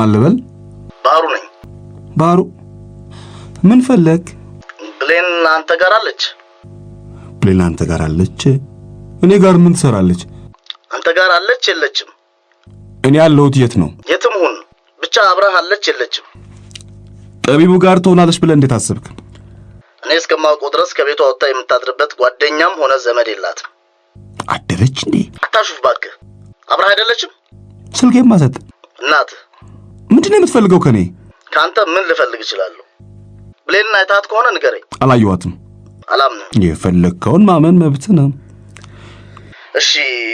ማን ልበል? ባህሩ ነኝ። ባሩ ምን ፈለግ? ብሌን አንተ ጋር አለች። ብሌን አንተ ጋር አለች? እኔ ጋር ምን ትሰራለች? አንተ ጋር አለች የለችም? እኔ ያለሁት የት ነው? የትም ሁን ብቻ አብረህ አለች የለችም? ጠቢቡ ጋር ትሆናለች ብለህ እንዴት አሰብክ? እኔ እስከማውቀው ድረስ ከቤቷ ወጥታ የምታድርበት ጓደኛም ሆነ ዘመድ የላትም። አደረች እንዴ? አታሹፍ እባክህ። አብረህ አይደለችም? ስልኬን ማሰጥ እናትህ ምንድን ነው የምትፈልገው ከኔ? ከአንተ ምን ልፈልግ እችላለሁ? ብሌንን አይታት ከሆነ ንገረኝ። አላየኋትም። አላምንም። የፈለግከውን ማመን መብት ነው። እሺ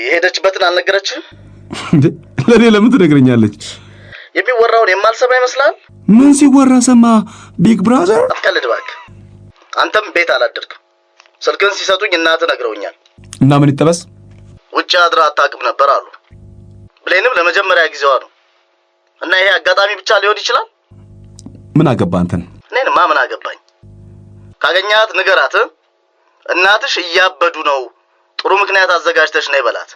የሄደችበትን አልነገረችህም? ለእኔ ለምን ትነግረኛለች? የሚወራውን የማልሰማ ይመስላል። ምን ሲወራ ሰማ? ቢግ ብራዘር። አትቀልድ እባክህ። አንተም ቤት አላደርግም ስልክን ሲሰጡኝ እናት ነግረውኛል። እና ምን ይጠበስ? ውጭ አድራ አታውቅም ነበር አሉ። ብሌንም ለመጀመሪያ ጊዜዋ ነው እና ይሄ አጋጣሚ ብቻ ሊሆን ይችላል። ምን አገባ አንተን? እኔንማ ምን አገባኝ? ካገኛት ንገራት፣ እናትሽ እያበዱ ነው፣ ጥሩ ምክንያት አዘጋጅተሽ ነይ በላት።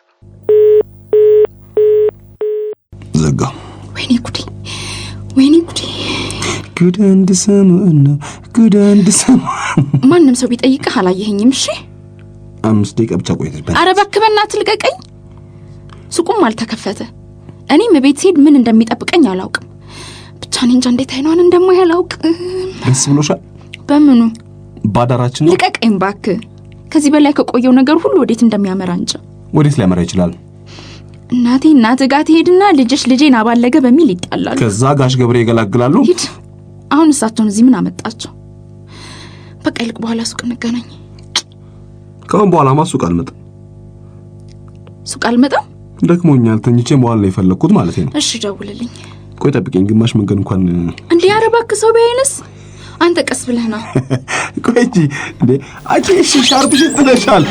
ዘጋ። ወይኔ ጉዴ! ወይኔ ጉዴ! ጉድ አንድ ሰሞን ነው፣ ጉድ አንድ ሰሞን። ማንም ሰው ቢጠይቅህ አላየኸኝም? እሺ አምስት ደቂቃ ብቻ ቆይተሽ። ኧረ እባክህ በእናትህ ልቀቀኝ። ሱቁም አልተከፈተ እኔም ቤት ምን እንደሚጠብቀኝ አላውቅም። ብቻ እኔ እንጃ እንዴት አይኗን እንደማይ አላውቅም። ደስ ብሎሻል? በምኑ ባዳራችን? ልቀቀኝ ባክ። ከዚህ በላይ ከቆየው ነገር ሁሉ ወዴት እንደሚያመራ እንጂ ወዴት ሊያመራ ይችላል? እናቴ እናት ጋ ትሄድና ልጅሽ ልጄን አባለገ በሚል ይጣላሉ። ከዛ ጋሽ ገብሬ ይገላግላሉ። ሂድ አሁን እሳቸውን እዚህ ምን አመጣቸው? በቃ ይልቅ በኋላ ሱቅ እንገናኝ። ከአሁን በኋላማ ሱቅ አልመጣም፣ ሱቅ አልመጣም። ደክሞኛል፣ ተኝቼ መዋል ነው የፈለግኩት ማለት ነው። እሺ ደውልልኝ። ቆይ ጠብቀኝ፣ ግማሽ መንገድ እንኳን እንዴ! አረባክ ሰው ቢያይንስ? አንተ ቀስ ብለህ ነው። ቆይ እንጂ እንዴ! አንቺ እሺ፣ ሻርፕሽን ጥለሻል።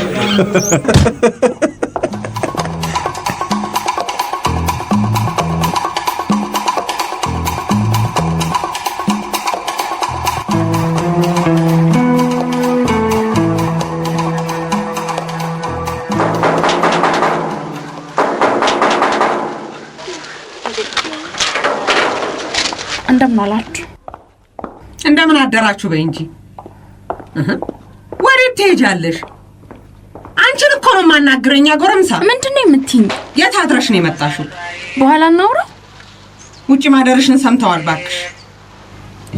እንደምን አላችሁ? እንደምን አደራችሁ በይ እንጂ። ወዴት ትሄጃለሽ? አንቺን እኮ ነው የማናግረኛ ጎረምሳ። ምንድን ነው የምትይኝ? የት አድረሽ ነው የመጣሽው? በኋላ እናውራ። ውጭ ማደርሽን ሰምተዋል። ባክሽ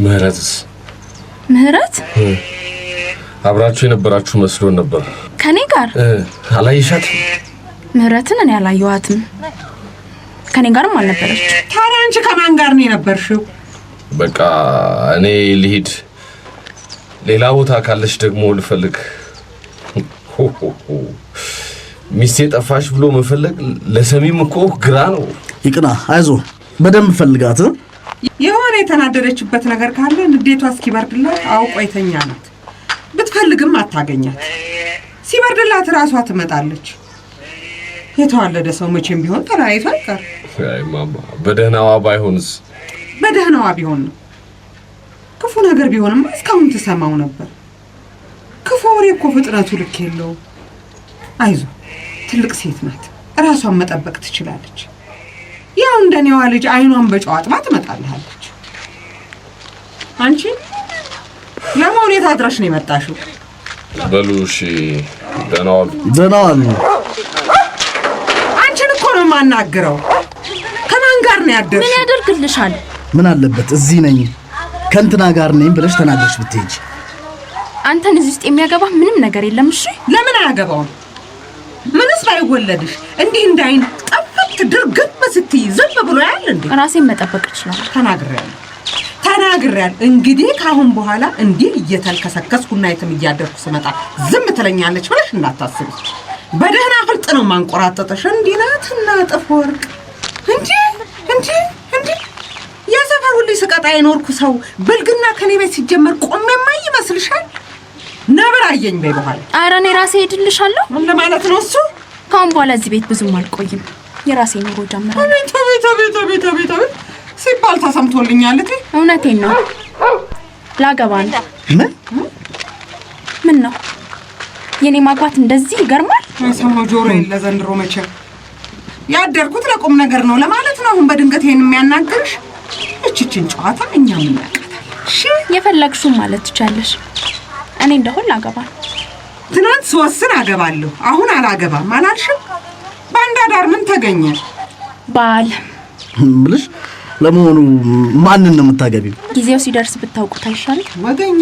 ምህረትስ? ምህረት አብራችሁ የነበራችሁ መስሎን ነበር። ከኔ ጋር አላየሻት? ምህረትን እኔ አላየኋትም። ከኔ ጋርም አልነበረች። ታዲያ አንቺ ከማን ጋር ነው የነበርሽው? በቃ እኔ ልሂድ። ሌላ ቦታ ካለች ደግሞ ልፈልግ። ሚስቴ ጠፋሽ ብሎ መፈለግ ለሰሚም እኮ ግራ ነው። ይቅና፣ አይዞ፣ በደንብ ፈልጋት። የሆነ የተናደደችበት ነገር ካለ ንዴቷ እስኪበርድላት አውቆ የተኛ ናት። ብትፈልግም አታገኛት። ሲበርድላት እራሷ ትመጣለች። የተዋለደ ሰው መቼም ቢሆን ተራ ይፈቀር። በደህናዋ ባይሆንስ በደህናዋ ቢሆን ነው። ክፉ ነገር ቢሆንም እስካሁን ትሰማው ነበር። ክፉ ወሬ እኮ ፍጥረቱ ልክ የለው አይዞ ትልቅ ሴት ናት፣ እራሷን መጠበቅ ትችላለች። ያው እንደኔዋ ልጅ አይኗን በጨው አጥባ ትመጣልሃለች። አንቺ ለመውኔት አድራሽ ነው የመጣሽው። በሉ እሺ፣ ደህና ዋሉ። ደህና ዋሉ። አንቺን እኮ ነው የማናግረው። ከማን ጋር ነው ያደርሽ? ምን ያደርግልሻል? ምን አለበት? እዚህ ነኝ ከእንትና ጋር ነኝ ብለሽ ተናገርሽ ብትሄጂ አንተን እዚህ ውስጥ የሚያገባ ምንም ነገር የለም። እሺ ለምን አያገባውም? ምንስ ባይወለድሽ እንዲህ እንዳይን ጠፍት ድርግም ስትይ ዝም ብሎ ያል እንዴ? ራሴን መጠበቅ እችላለሁ። ተናግሬያለሁ ተናግሬያለሁ። እንግዲህ ካሁን በኋላ እንዲህ እየተልከሰከስኩና የትም እያደርኩ ስመጣ ዝም ትለኛለች ብለሽ እንዳታስቢ። በደህና ፍልጥ ነው ማንቆራጠጠሽ። እንዲህ ናትና እና ጥፍ ወርቅ እንዲህ እንዲህ ስቀጣ የኖርኩ ሰው ብልግና ከኔ ቤት ሲጀመር ቆሜማ ይመስልሻል? ነብር አየኝ በይ በኋላ። ኧረ እኔ ራሴ ሄድልሻለሁ ለማለት ነው እሱ። ካሁን በኋላ እዚህ ቤት ብዙም አልቆይም፣ የራሴ ኑሮ ጀምራለሁ። ቤት ቤት ቤት ቤት ቤት ቤት ሲባል ተሰምቶልኛል። እቴ እውነቴን ነው። ላገባ ነው። ምን ምን ነው የኔ ማግባት እንደዚህ ይገርማል? ሰማው ጆሮ የለ ዘንድሮ መቼ ያደርኩት ለቁም ነገር ነው ለማለት ነው። አሁን በድንገት ይሄን የሚያናግርሽ ይችን ጨዋታ እኛ ምናቃታል። የፈለግሽውን ማለት ትቻለሽ። እኔ እንደሁን አገባል። ትናንት ስወስን አገባለሁ፣ አሁን አላገባም አላልሽም? በአንድ አዳር ምን ተገኘ? ባል ምልሽ። ለመሆኑ ማንን ነው የምታገቢው? ጊዜው ሲደርስ ብታውቁት አይሻልም? ወገኛ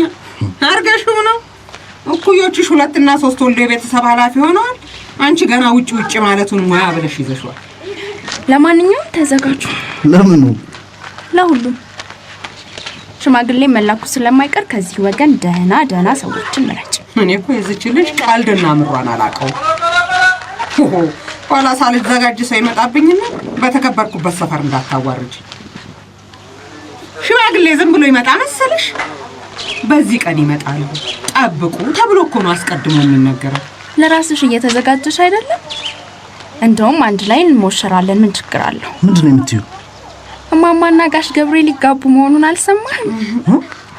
አርገሽው ነው። እኩዮችሽ ሁለትና ሶስት ወልዶ የቤተሰብ ኃላፊ ሆነዋል። አንቺ ገና ውጭ ውጭ ማለቱን ሙያ ብለሽ ይዘሽዋል። ለማንኛውም ተዘጋጁ። ለምኑ ለሁሉም ሽማግሌ መላኩ ስለማይቀር ከዚህ ወገን ደህና ደህና ሰዎችን ምረጭ። እኔ እኮ የዚች ልጅ ቀልድና ምሯን አላቀው? ኋላ ሳልዘጋጅ ሰው ይመጣብኝና በተከበርኩበት ሰፈር እንዳታዋርጅ። ሽማግሌ ዝም ብሎ ይመጣ መሰለሽ? በዚህ ቀን ይመጣሉ ጠብቁ ተብሎ እኮ ነው አስቀድሞ የሚነገረው። ለራስሽ እየተዘጋጀሽ አይደለም? እንደውም አንድ ላይ እንሞሸራለን። ምን ችግር አለው? ምንድን ነው የምትዩ? እማማና ጋሽ ገብሬ ሊጋቡ መሆኑን አልሰማህም?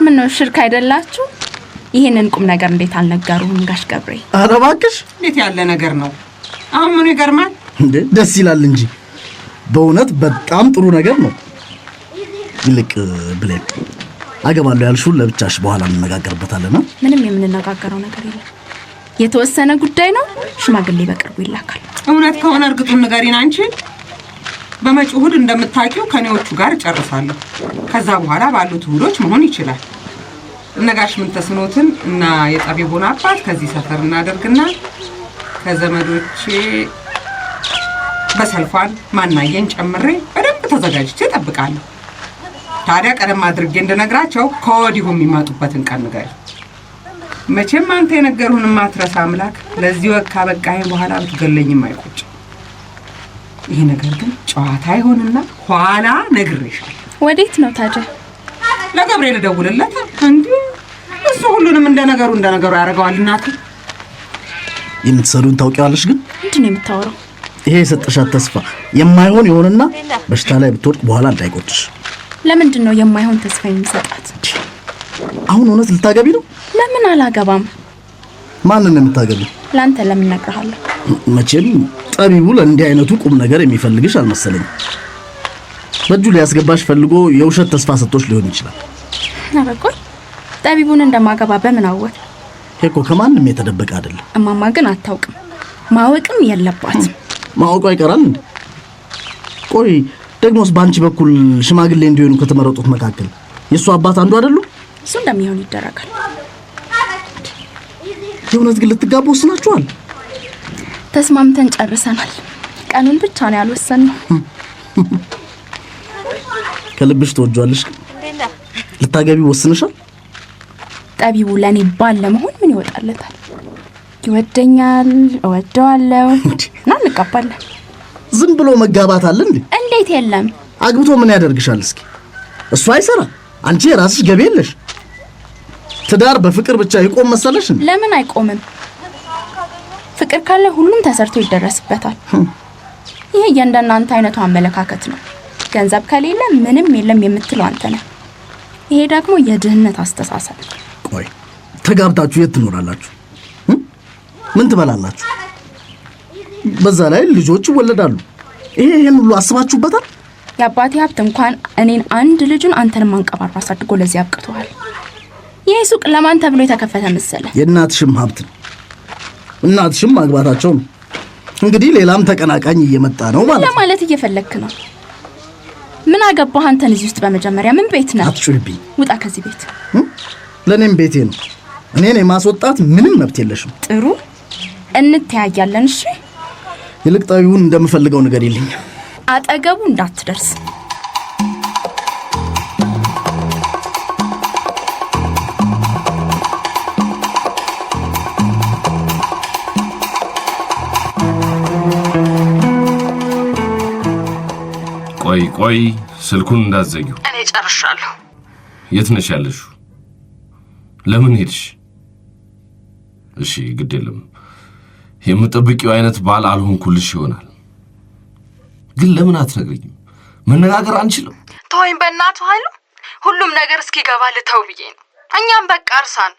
ምን ነው ሽርክ አይደላችሁ? ይህንን ቁም ነገር እንዴት አልነገሩህም ጋሽ ገብሬ? ኧረ እባክሽ እንዴት ያለ ነገር ነው! አሁን ምኑ ይገርማል እንዴ? ደስ ይላል እንጂ በእውነት በጣም ጥሩ ነገር ነው። ይልቅ ብሌን አገባለሁ ያልሽውን ለብቻሽ በኋላ እንነጋገርበታለን። ምንም የምንነጋገረው ነገር የለም። የተወሰነ ጉዳይ ነው። ሽማግሌ በቅርቡ ይላካል። እውነት ከሆነ እርግጡን ንገሪን አንቺ በመጪው እሁድ እንደምታውቂው ከኔዎቹ ጋር እጨርሳለሁ። ከዛ በኋላ ባሉት እሁዶች መሆን ይችላል። እነጋሽ ምን ተስኖትን እና የጠቢቡን አባት ከዚህ ሰፈር እናደርግና ከዘመዶቼ በሰልፏን ማናየን ጨምሬ በደንብ ተዘጋጅቼ እጠብቃለሁ። ታዲያ ቀደም አድርጌ እንደነግራቸው ከወዲሁ የሚመጡበትን ቀን ንገሪ። መቼም አንተ የነገርሁን ማትረሳ አምላክ፣ ለዚህ ወግ ካበቃኸኝ በኋላ ብትገለኝም አይቆጭ ይሄ ነገር ግን ጨዋታ ይሆንና ኋላ ነግሬሻለሁ። ወዴት ነው ታዲያ? ለገብርኤል ደውልለት። እንዲህ እሱ ሁሉንም እንደ ነገሩ እንደ ነገሩ ያደርገዋል። እናቴ የምትሰሩን ታውቂዋለሽ። ግን ምንድን ነው የምታወራው? ይሄ የሰጠሻት ተስፋ የማይሆን ይሆንና በሽታ ላይ ብትወድቅ በኋላ እንዳይቆጭሽ። ለምንድን ነው የማይሆን ተስፋ የሚሰጣት? አሁን እውነት ልታገቢ ነው? ለምን አላገባም። ማንን ነው የምታገቢ? ለአንተ ለምን እነግርሃለሁ። መቼም ጠቢቡ ለእንዲህ አይነቱ ቁም ነገር የሚፈልግሽ አልመሰለኝም። በእጁ ሊያስገባሽ ፈልጎ የውሸት ተስፋ ሰጥቶሽ ሊሆን ይችላል። ነበር ጠቢቡን እንደማገባ በምን አወቅ? እኮ ከማንም የተደበቀ አይደለም። እማማ ግን አታውቅም፣ ማወቅም የለባትም። ማወቋ አይቀራል እንዴ? ቆይ ደግሞስ በአንቺ በኩል ሽማግሌ እንዲሆኑ ከተመረጡት መካከል የእሱ አባት አንዱ አይደሉም? እሱ እንደሚሆን ይደረጋል። የእውነት ግን ልትጋቡ ወስናችኋል? ተስማምተን ጨርሰናል። ቀኑን ብቻ ነው ያልወሰንነው። ከልብሽ ትወጇለሽ። ልታገቢ ወስንሻል? ጠቢቡ ለእኔ ባል ለመሆን ምን ይወጣለታል? ይወደኛል፣ እወደዋለሁ እና እንቀባለን። ዝም ብሎ መጋባት አለ እንዴ? እንዴት የለም። አግብቶ ምን ያደርግሻል? እስኪ እሱ አይሰራ፣ አንቺ የራስሽ ገቢ የለሽ። ትዳር በፍቅር ብቻ ይቆም መሰለሽ? ለምን አይቆምም? ፍቅር ካለ ሁሉም ተሰርቶ ይደረስበታል። ይሄ የእንደናንተ አይነቱ አመለካከት ነው። ገንዘብ ከሌለ ምንም የለም የምትለው አንተ ነህ። ይሄ ደግሞ የድህነት አስተሳሰብ። ቆይ ተጋብታችሁ የት ትኖራላችሁ? ምን ትበላላችሁ? በዛ ላይ ልጆች ይወለዳሉ። ይሄ ይህን ሁሉ አስባችሁበታል? የአባቴ ሀብት እንኳን እኔን አንድ ልጁን አንተንም አንቀባራ አሳድጎ ለዚህ አብቅተዋል። ይህ ሱቅ ለማን ተብሎ የተከፈተ መሰለ? የእናትሽም ሀብት ነው እናትሽም ማግባታቸው ነው። እንግዲህ ሌላም ተቀናቃኝ እየመጣ ነው ማለት ነው። ለማለት እየፈለክ ነው? ምን አገባህ አንተን እዚህ ውስጥ? በመጀመሪያ ምን ቤት ነው? አትጩህብኝ! ውጣ ከዚህ ቤት። ለእኔም ቤቴ ነው። እኔን የማስወጣት ምንም መብት የለሽም። ጥሩ እንተያያለን። እሺ፣ ይልቅ ጣቢውን እንደምፈልገው ንገሪልኝ። አጠገቡ እንዳትደርስ ቆይ ቆይ፣ ስልኩን እንዳዘጊው እኔ ጨርሻለሁ። የት ነሽ ያለሽው? ለምን ሄድሽ? እሺ ግድ የለም። የምጠብቂው አይነት ባል አልሆንኩልሽ ይሆናል፣ ግን ለምን አትነግርኝም? መነጋገር አንችልም? ተወይም በእናቱ ኃይሉ ሁሉም ነገር እስኪገባ ልተው ብዬ ነው። እኛም በቃ እርሳን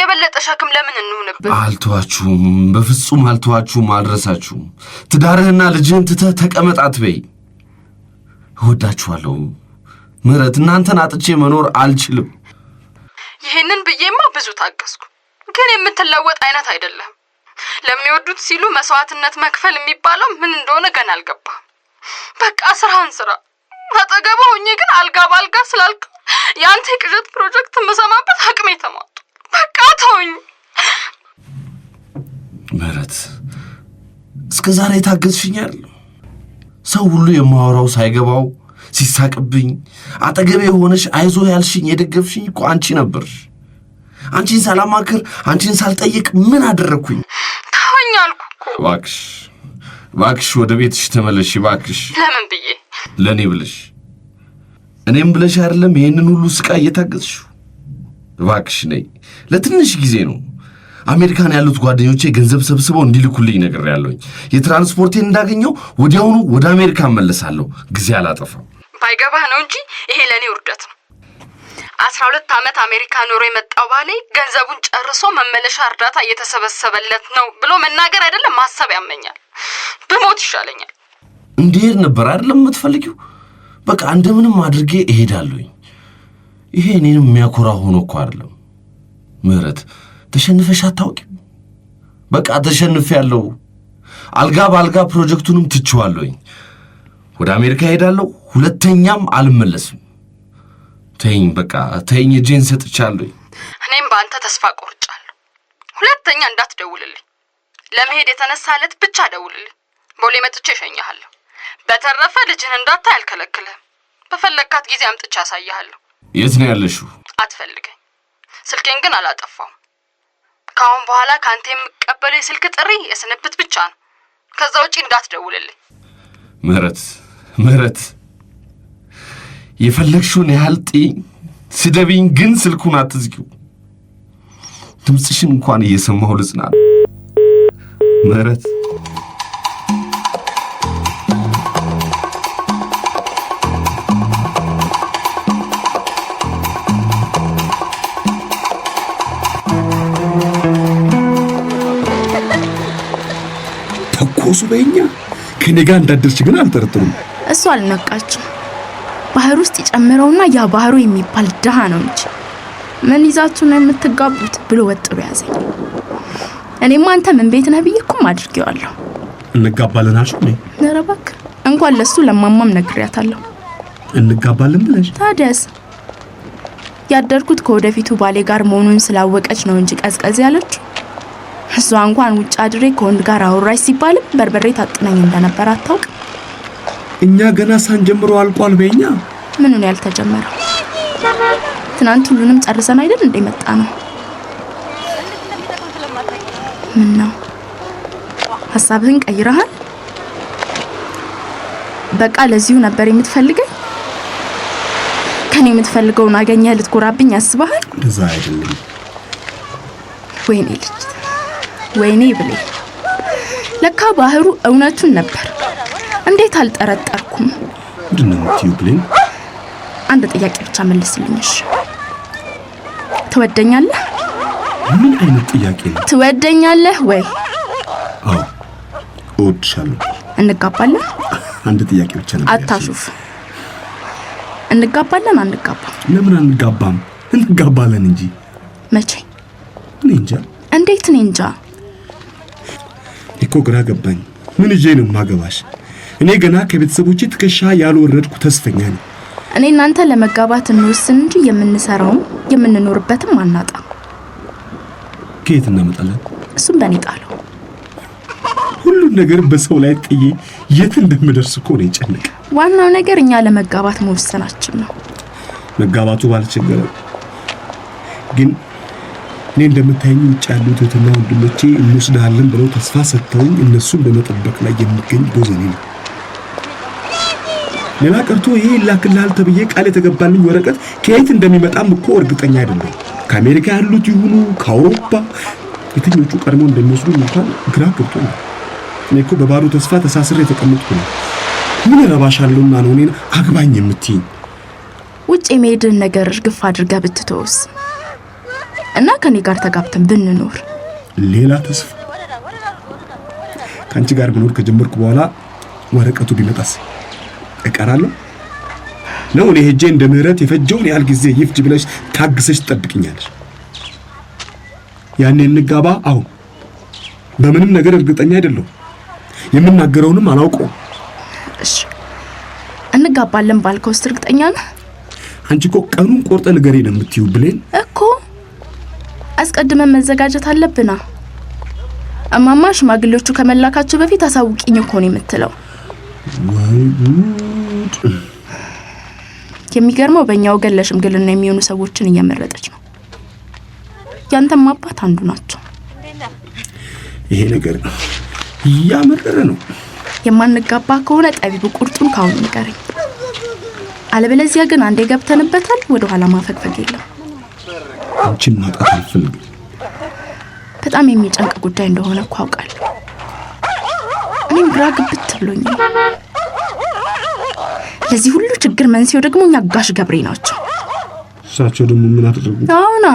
የበለጠ ሸክም ለምን እንሆንብን? አልተዋችሁም፣ በፍጹም አልተዋችሁም፣ አልረሳችሁም። ትዳርህና ልጅህን ትተህ ተቀመጣት በይ እወዳችኋለሁ። ምህረት፣ እናንተን አጥቼ መኖር አልችልም። ይህንን ብዬማ ብዙ ታገስኩ፣ ግን የምትለወጥ አይነት አይደለም። ለሚወዱት ሲሉ መስዋዕትነት መክፈል የሚባለው ምን እንደሆነ ገና አልገባ። በቃ ስራህን ስራ። አጠገባ ሆኜ ግን አልጋ ባልጋ ስላልክ የአንተ የቅዠት ፕሮጀክት የምሰማበት አቅሜ ተሟጡ። በቃ ተውኝ ምህረት፣ እስከ ዛሬ ታገዝሽኛል። ሰው ሁሉ የማወራው ሳይገባው ሲሳቅብኝ አጠገቤ የሆነሽ አይዞ ያልሽኝ የደገፍሽኝ እኮ አንቺ ነበርሽ። አንቺን ሳላማክር አንቺን ሳልጠይቅ ምን አደረግኩኝ? ተወኝ አልኩ እባክሽ እባክሽ ወደ ቤትሽ ተመለሽ እባክሽ። ለምን ብዬ? ለእኔ ብለሽ እኔም ብለሽ አይደለም ይህንን ሁሉ ስቃይ እየታገዝሽ። እባክሽ ነይ፣ ለትንሽ ጊዜ ነው አሜሪካን ያሉት ጓደኞቼ ገንዘብ ሰብስበው እንዲልኩልኝ ነገር ያለውኝ የትራንስፖርቴን እንዳገኘው ወዲያውኑ ወደ አሜሪካ እመለሳለሁ። ጊዜ አላጠፋም። ባይገባህ ነው እንጂ ይሄ ለእኔ ውርደት ነው። አስራ ሁለት ዓመት አሜሪካ ኖሮ የመጣው ባሌ ገንዘቡን ጨርሶ መመለሻ እርዳታ እየተሰበሰበለት ነው ብሎ መናገር አይደለም ማሰብ ያመኛል። ብሞት ይሻለኛል። እንዲሄድ ነበር አይደለም የምትፈልጊው? በቃ እንደምንም አድርጌ እሄዳለሁኝ። ይሄ እኔንም የሚያኮራ ሆኖ እኮ አይደለም ምህረት ተሸንፈሽ አታውቂም። በቃ ተሸንፍ ያለው አልጋ በአልጋ ፕሮጀክቱንም ትችዋለኝ። ወደ አሜሪካ ሄዳለሁ፣ ሁለተኛም አልመለስም። ተይኝ በቃ ተይኝ፣ እጄን ሰጥቻለሁኝ። እኔም በአንተ ተስፋ ቆርጫለሁ። ሁለተኛ እንዳትደውልልኝ። ለመሄድ የተነሳ ዕለት ብቻ ደውልልኝ። ቦሌ መጥቼ እሸኝሃለሁ። በተረፈ ልጅህን እንዳታይ አልከለክልህም። በፈለግካት ጊዜ አምጥቼ አሳይሃለሁ። የት ነው ያለሽው? አትፈልገኝ። ስልኬን ግን አላጠፋውም። ከአሁን በኋላ ከአንተ የምቀበለው የስልክ ጥሪ የስንብት ብቻ ነው። ከዛ ውጪ እንዳትደውልልኝ። ምህረት ምህረት፣ የፈለግሽውን ያህል ጤኝ ስደቢኝ፣ ግን ስልኩን አትዝጊው። ድምፅሽን እንኳን እየሰማሁ ልጽናል ምህረት ተፈወሱ በእኛ ከኔ ጋር እንዳደርች ግን አልጠረጥሩም። እሱ አልነቃችም። ባህር ውስጥ ይጨምረውና ያ ባህሩ የሚባል ድሃ ነው እንጂ ምን ይዛችሁ ነው የምትጋቡት ብሎ ወጥሮ ያዘኝ። እኔ አንተ ምን ቤት ነህ ብዬ እኮም አድርጌዋለሁ። እንጋባለን አልሽ? ኧረ እባክህ እንኳን ለሱ ለማማም ነግሬያታለሁ። እንጋባለን ብለሽ ታዲያስ? ያደርኩት ከወደፊቱ ባሌ ጋር መሆኑን ስላወቀች ነው እንጂ ቀዝቀዝ ያለችው እሷ እንኳን ውጭ አድሬ ከወንድ ጋር አወራች ሲባልም በርበሬ ታጥነኝ እንደነበር አታውቅ። እኛ ገና ሳንጀምሮ አልቋል በኛ። ምኑን ያልተጀመረው? ትናንት ሁሉንም ጨርሰን አይደል እንዴ መጣ ነው። ምን ነው ሀሳብህን ቀይረሃል? በቃ ለዚሁ ነበር የምትፈልገኝ? ከኔ የምትፈልገውን አገኘህ ልትኮራብኝ ያስበሃል? እዛ አይደለም ወይኔ ልጅ ወይኔ ብሌ ለካ ባህሩ እውነቱን ነበር። እንዴት አልጠረጠርኩም? ምንድን ነው የምትይው አንድ ጥያቄ ብቻ መልስልኝሽ። ትወደኛለህ? ምን አይነት ጥያቄ ነው? ትወደኛለህ ወይ? አዎ እወድሻለሁ። እንጋባለን? አንድ ጥያቄ ብቻ ነው። አታሹፍ። እንጋባለን? አንጋባም። ለምን አንጋባም? እንጋባለን እንጂ። መቼ? እኔ እንጃ። እንዴት? እኔ እንጃ። እኮ ግራ ገባኝ። ምን ይዤ ነው ማገባሽ? እኔ ገና ከቤተሰቦቼ ትከሻ ያልወረድኩ ተስፈኛ ነኝ። እኔ እናንተ ለመጋባት እንወስን እንጂ የምንሰራውም የምንኖርበትም አናጣም። ከየት እናመጣለን? እሱም በእኔ ጣለው። ሁሉን ነገር በሰው ላይ ጥዬ የት እንደምደርስ እኮ ነው የጨነቀ። ዋናው ነገር እኛ ለመጋባት መወሰናችን ነው። መጋባቱ ባልቸገረ ግን እኔ እንደምታየኝ ውጭ ያሉት እህትና ወንድሞቼ እንወስድሃለን ብለው ተስፋ ሰጥተውኝ እነሱን በመጠበቅ ላይ የሚገኝ ጎዘኔ ነው። ሌላ ቀርቶ ይሄ ላክልሃል ተብዬ ቃል የተገባልኝ ወረቀት ከየት እንደሚመጣም እኮ እርግጠኛ አይደለም። ከአሜሪካ ያሉት ይሁኑ ከአውሮፓ የትኞቹ ቀድሞ እንደሚወስዱ እንኳን ግራ ገብቶ ነው። እኔ እኮ በባዶ ተስፋ ተሳስር የተቀመጥኩ ነው። ምን ረባሻለሁና ነው እኔን አግባኝ የምትይኝ? ውጭ የመሄድን ነገር እርግፍ አድርጋ ብትተውስ እና ከኔ ጋር ተጋብተን ብንኖር ሌላ ተስፋ። ከአንቺ ጋር ብኖር ከጀመርኩ በኋላ ወረቀቱ ቢመጣስ እቀራለሁ ነው? እኔ ሄጄ እንደ ምህረት የፈጀውን ያህል ጊዜ ይፍጅ ብለሽ ታግሰሽ ትጠብቅኛለሽ? ያኔ እንጋባ። አሁን በምንም ነገር እርግጠኛ አይደለሁ፣ የምናገረውንም አላውቀውም። እሺ እንጋባለን ባልከውስ እርግጠኛ ነህ? አንቺ እኮ ቀኑን ቆርጠ ንገሬ ነው የምትዩ ብሌን አስቀድመን መዘጋጀት አለብና። እማማ ሽማግሌዎቹ ከመላካቸው በፊት አሳውቂኝ እኮ ነው የምትለው። የሚገርመው በእኛ ወገን ለሽምግልና የሚሆኑ ሰዎችን እየመረጠች ነው። ያንተም አባት አንዱ ናቸው። ይሄ ነገር እያመረረ ነው። የማንጋባ ከሆነ ጠቢቡ ቁርጡን ካሁን ንገረኝ፣ አለበለዚያ ግን አንዴ ገብተንበታል፣ ወደኋላ ማፈግፈግ የለም። አንቺን ማጣት አልፈልግም። በጣም የሚጨንቅ ጉዳይ እንደሆነ እኮ አውቃለሁ። እኔም ግራ ግብት ብሎኛል። ለዚህ ሁሉ ችግር መንስኤው ደግሞ እኛ ጋሽ ገብሬ ናቸው። እሳቸው ደግሞ ምን አደረጉ? አሁና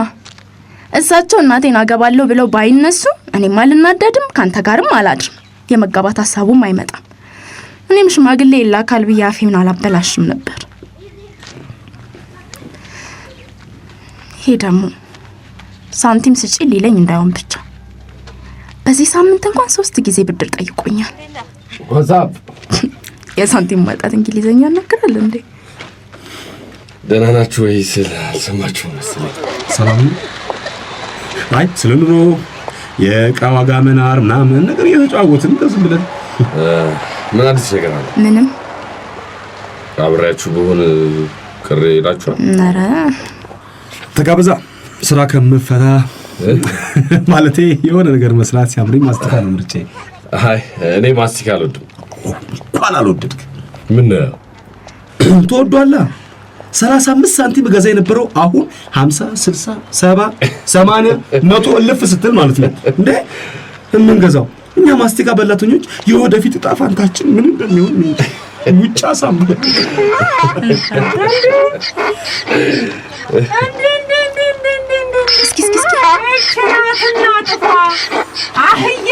እሳቸው እናቴን አገባለሁ ብለው ባይነሱ እኔም አልናደድም፣ ከአንተ ጋርም አላድርም፣ የመጋባት ሀሳቡም አይመጣም። እኔም ሽማግሌ ይላካል ብዬ አፌን አላበላሽም ነበር። ይሄ ደግሞ ሳንቲም ስጪ ሊለኝ እንዳይሆን ብቻ። በዚህ ሳምንት እንኳን ሶስት ጊዜ ብድር ጠይቆኛል። የሳንቲም ማጣት እንግሊዘኛ ያናግራል እንዴ? ደህና ናችሁ ወይ ስል አልሰማችሁ መሰለኝ። ሰላም አይ፣ ስለ ኑሮ የእቃ ዋጋ መናር ምናምን ነገር እየተጫወትን እንደዚህ ብለን ምን አዲስ ነገር አለ? ምንም አብሬያችሁ በሆን ቅሬ ይላችኋል። ኧረ ተጋብዛ ስራ ከምፈታ ማለት የሆነ ነገር መስራት ሲያምረኝ ማስቲካ ነው ምርጬ። አይ እኔ ማስቲካ አልወድም። እንኳን አልወደድክ ምን ትወዷላ? ሰላሳ አምስት ሳንቲም ገዛ የነበረው አሁን ሀምሳ ስልሳ ሰባ ሰማንያ መቶ እልፍ ስትል ማለት ነው እንዴ የምንገዛው እኛ ማስቲካ በላተኞች የወደፊት ዕጣ ፈንታችን ምን እንደሚሆን ውጫ ሳምበ እስኪ እስኪ እስኪ አህያ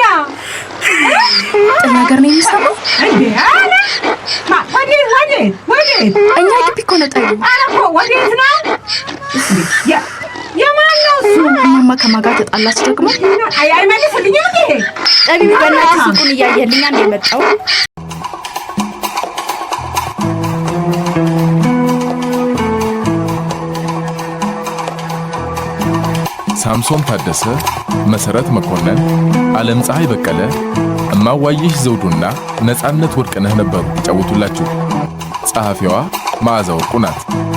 ጥሩ ነገር ነው የሚሰማው። እኛ ግቢ እኮ ነው ጠሩ። እማማ ከማጋ ተጣላች ደግሞ ጠቢቡ በእናትህ ሱቁን እያየህልኛ እንደመጣው ሳምሶን ታደሰ፣ መሰረት መኮንን፣ ዓለም ፀሐይ በቀለ፣ እማዋይሽ ዘውዱና ነፃነት ወርቅነህ ነበሩ ይጫወቱላችሁ። ጸሐፊዋ መዓዛ ወርቁ ናት።